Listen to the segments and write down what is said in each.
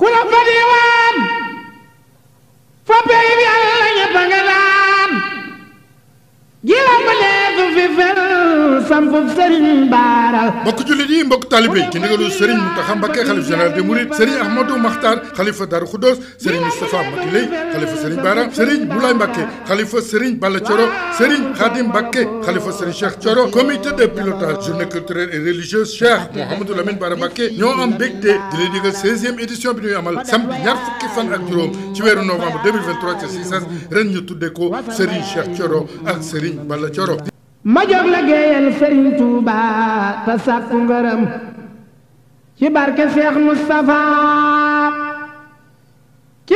ku la xam foofu Serigne Bara. mbokk jullit yi mbokk talibe yi ci ndigalu Serigne Mountakha Mbacké xalifa général des Mourides Serigne Ahmadou Makhtar xalifa Darou Khoudoss Serigne Moustapha Matiley xalifa Serigne Bara Serigne Moulay Mbacké xalifa Serigne Balla Thioro Serigne Khadim Mbacké xalifa Serigne Cheikh Thioro comité de pilotage journée culturelle et religieuse Cheikh Mouhamadou Lamine Bara Mbacké ñoo am mbégte di leen digal 16e édition bi ñuy amal samedi ñaar fukki fan ak juróom ci weeru novembre 2023 ca Cissas ren ñu tuddee ko Serigne Cheikh Thioro ak Serigne Balla Thioro. ma jóg liggéeyal Sëriñ Tuuba te sàkku ngërëm ci barke Seex Mustafa ci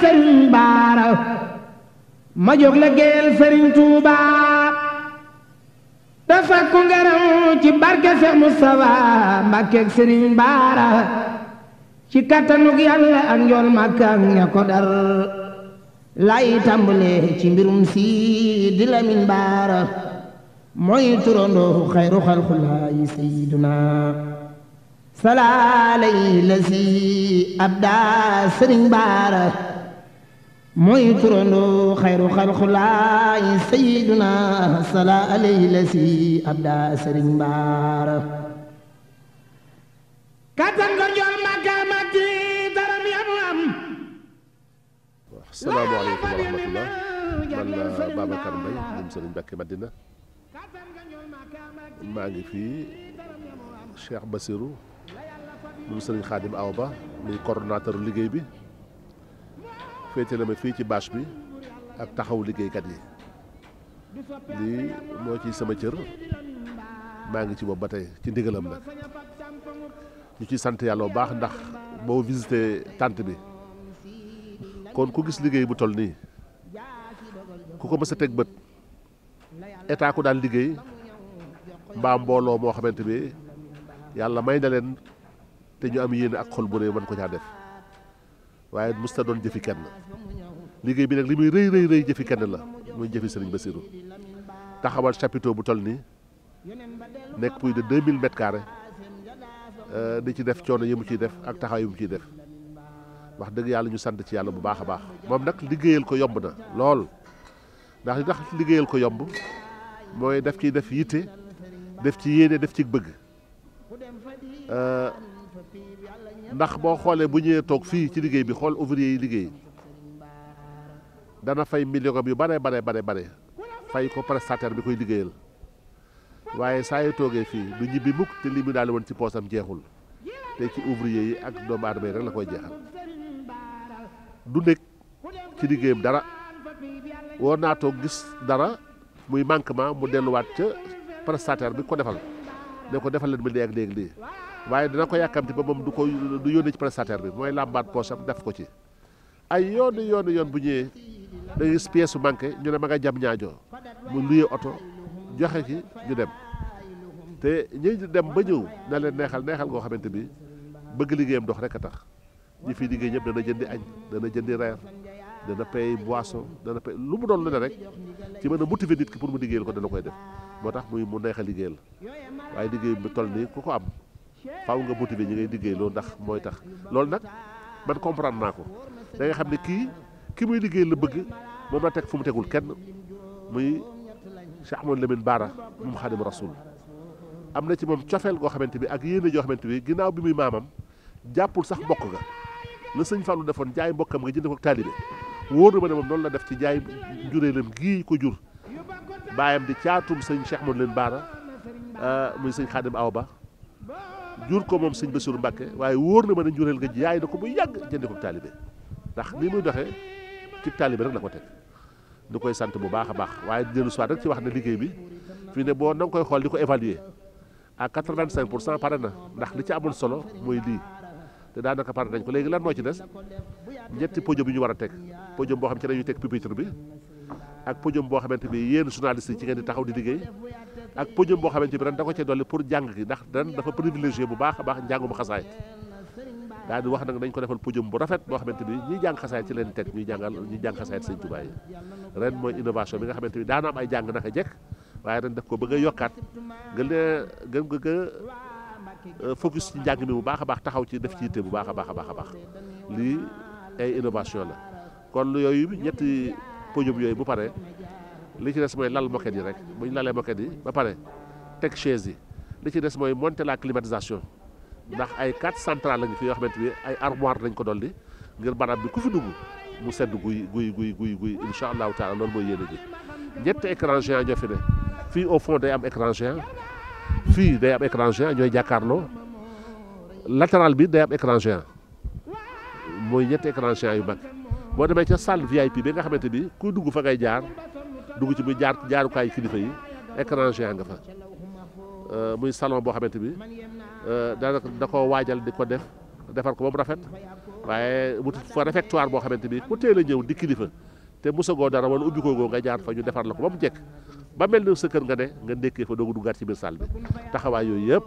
Sëriñ Baara ma jóg liggéeyal Sëriñ Tuuba te sàkku ngërëm ci barke Seex Mustafa Mbàkke Sëriñ Baara ci kattanug Yàlla ak njool Màkka ko dar lay tàmbalee ci mbirum si Sidi Lamin Baara mooy turandoo xayru xalqulaayi sayyiduna salaa alayhi la si mooy turandoo xayru xalqulaayi sayyiduna salaa alayhi la si abda sëriñ Baara salaamaaleykum wa rahmatulah man euh, Babacar Mbaye moom Sëriñ Mbàkke Madina maa ngi fii Cheikh Bassirou moom Sëriñ Xaadim Awa Ba muy coordonnateur liggéey bi féete na ma fii ci baas bi ak taxaw liggéeykat yi lii moo ci sama cër maa ngi ci boobu ba tey ci ndigalam nag ñu ciy sant yàlla bu baax ndax boo visité tànt bi kon ku gis liggéey bu toll nii ku ko mës a teg bët état ku daan liggéey mbaa mbooloo moo xamante bi yàlla may na leen te ñu am yéene ak xol bu rëy mën ko caa def waaye musta doon jëfi kenn liggéey bi nag li muy rëy rëy rëy jëfi kenn la muy jëfi sëriñ Bassirou taxawal chapiteau bu tol nii nekk plus de 2000 mètres carrés euh, di ci def coono yi mu ciy def ak taxaw yi mu ciy def wax dëgg yàlla ñu sant ci yàlla bu baax a baax moom nag liggéeyal ko yomb na lool ndax li tax liggéeyal ko yomb mooy def ciy def yitte def ci yéene def ci bëgg euh, ndax boo xoolee bu ñëwee toog fii ci liggéey bi xool ouvrier yi liggéey dana fay million yu bare bare bare bare fay ko prestataire bi koy liggéeyal waaye saa yu toogee fii du ñibbi mukk te li mu daal woon ci poosam jeexul te ci ouvrier yi ak doomu aadama yi rek la koy jeexal du nekk ci liggéeyam dara woo naatoo gis dara muy manquement mu delluwaat ca prestataire bi ko defal ne ko defal leen ma léegi léegi lii waaye dina ko yàkkamti ba moom du ko du yónnee ci prestataire bi mooy làmbaat poosam def ko ci ay yoonu yoonu yoon bu ñëwee da gis pièce su ñu ne ma nga jam ñaajoo mu luye oto joxe ki ñu dem te ñi dem ba ñëw na leen neexal neexal goo xamante bi bëgg liggéeyam dox rek a tax ñi fiy liggéey ñëpp dana jëndi añ dana jëndi reer dana pay boisson dana pay lu mu doon lu rek ci man a motiver nit ki pour mu liggéeyal ko dana koy def moo tax muy mu neex a liggéeyal waaye liggéey bi toll nii ku ko am faaw nga motiver ñi ngay liggéey loolu ndax mooy tax loolu nag man comprendre naa ko da xam ne kii ki muy liggéey la bëgg moom la teg fu mu tegul kenn muy Cheikh Amadou mu Bara moom Xaadimu Rasuul am na ci moom cofeel goo xamante bi ak yéene joo xamante bi ginnaaw bi muy maamam jàppul sax mbokk ga la sëñ Fallou defoon jaay mbokkam nga jënd ko taalibe wóor na ma ne moom noonu la def ci jaay njuréelam gii ko jur baayam di caatum sëñ Cheikh Modou leen baara ah, muy sëñ Xaadim Awa Ba jur ko moom sëñ ba Bassirou Mbacke waaye wóor na ma ne njureel nga jaay na ko bu yàgg jënd ko taalibe ndax ni muy doxee ci taalibe rek la ko teg ñu koy sant bu baax a baax waaye dellu soit rek ci wax na liggéey bi fii ne boo na koy xool di ko évaluer a quatre-vingt-cinq pour cent pare na ndax li ci amoon solo mooy lii te daanaka pare nañ ko léegi lan moo ci des ñetti podium bi ñu war a teg podium boo xam ci dañuy teg pupitre bi ak podium boo xamante bi yéen journaliste yi ci ngeen di taxaw di liggéey ak podium boo xamante bi ren da ko cee dolli pour jàng gi ndax ren dafa privilégié bu baax a baax njàngum xasaayit daal di wax nag nañ ko defal podium bu rafet boo xamante bi ñuy jàng xasaayit ci leen teg ñuy jàngal ñuy jàng xasaayit sëñ Tuubaa yi ren mooy innovation bi nga xamante bi daana am ay jàng naka jekk waaye ren daf ko bëgg a yokkaat gën a gën Euh, focus ci njàng mi bu baax a baax taxaw ci def ci yitte bu baax a baax a baax lii ay innovation la kon yooyu ñetti podium yooyu bu pare li ci des mooy lal moquette yi rek bu ñu lalee moquette yi ba pare teg chaise yi li ci des mooy monte la climatisation ndax ay quatre centrales lañu fi yoo xamante ni ay armoire lañ ko dolli ngir barab bi ku fi dugg mu sedd guy guy guy guy guy incha allahu taala loolu mooy yéene ji ñetti écran géant ñoo fi ne fii au fond day am écran fii day am écran géant ñooy jàkkaarloo bi day am écran géant mooy ñetti écran géant yu mag boo demee ca salle VIP bi nga xamante ni kuy dugg fa ngay jaar dugg ci muy jaar jaarukaay kilifa yi écran géant fa euh, muy salon boo xamante ni euh, daanaka da koo waajal di ko def defar ko ba mu rafet waaye mu fa réfectoire boo xamante ni ku teel a ñëw di kilifa te mosagoo dara wala ubbi koogoo nga jaar fa ñu defar la ko ba mu jekk ba mel ni sa kër nga ne nga ndékkee fa doogu duggaat ci biir salle bi taxawaay yooyu yëpp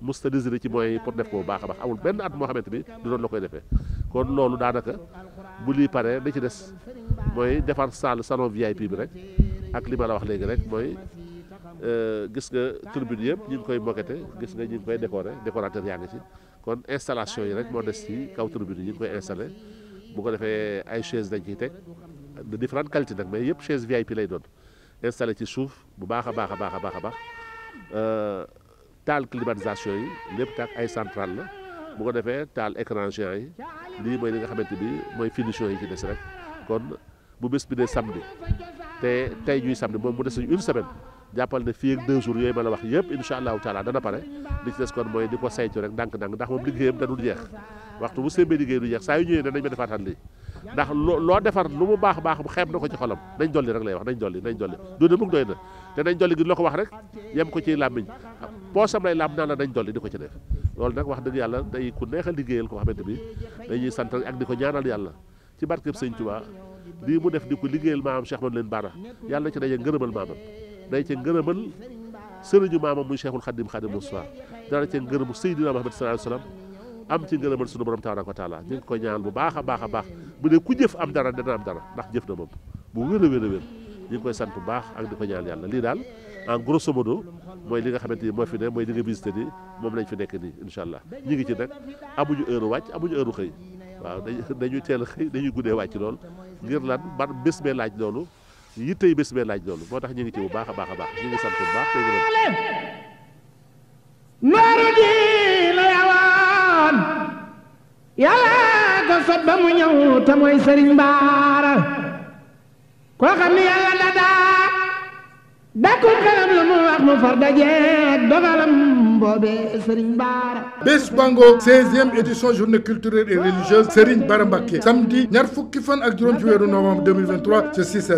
musta désiré ci mooy pour def ko bu baax a baax amul benn at moo xamante ni du doon la koy defee kon loolu daanaka bu lii paree da ci des mooy defar salle salon VIP bi rek ak li ma la wax léegi rek mooy euh, gis nga tribune yëpp ñu ngi koy moquette gis nga ñu ngi koy décorer décorateur yaa ngi ci kon installation yi rek moo des ci kaw tribune yi ñu ngi koy installé bu ko defee ay chaise dañ ciy teg de différentes qualités nag mais yëpp chaise VIP lay doon installé ci suuf bu baax a baax a baax a baax a baax euh, taal climatisation yi lépp taak ay centrale la bu ko defee taal écran géant yi lii mooy li nga xamante bi mooy finition yi ci des rek kon bu bés bi dee samedi te tey ñuy samedi moom bu des une semaine jàppal ne fii ak deux jours yooyu ma la wax yëpp incha allahu taala dana pare li ci des kon mooy di ko saytu rek ndànk-ndànk ndax moom liggéeyam danul jeex waxtu bu sëmbee liggéey du jeex saa yu ñëwee danañ ma ndax loo defar lu mu baax baax bu xeeb na ko ci xolam nañ dolli rek lay wax nañ jolli nañ dolli dund mukk doy na te nañ jolli gi loo ko wax rek yem ko ci làmmiñ poosam lay làmm naa la nañ dolli di ko ci def loolu nag wax dëgg yàlla day ku neex a liggéeyal koo xamante bi dañuy sant ak di ko ñaanal yàlla ci barkeb sëñ Tuubaa bii mu def di ko liggéeyal maamam Cheikh Mame Leen Bara yàlla ci daje ngërëmal maamam day ca ngërëmal sëriñu ma muy Cheikhul Khadim Khadim Moussa dana ca ngërëmu Seydina Muhammad sallallahu alayhi wa sallam am ci ngërëmal sunu borom tabaaraka wa taala ñu ngi koy ñaan bu baax a baax a baax bu dee ku jëf am dara dana am dara ndax jëf na moom bu wér ñu ngi koy sant bu baax ak di ko ñaan yàlla lii daal en grosso modo mooy li nga xamante ni moo fi ne mooy li nga visité ni moom lañ fi nekk nii incha allah ñu ngi ci nag amuñu heure wàcc amuñu heure xëy waaw dañuy teel a xëy dañuy guddee wàcc lool ngir lan ban bis bee laaj loolu yittey bés bee laaj loolu boo tax ñu ngi ci bu baax a baax a baax ñu ngi woon yàlla ko sot ba mu ñëw te mooy sëriñ baara koo xam ni yàlla da daa dàkkul xelam lu mu wax mu far dajeeg dogalam bés bango seizième édition journée culturelle et religieuse Serigne Bara Mbacké samedi ñaar fukki fan ak juróom ci weeru novembre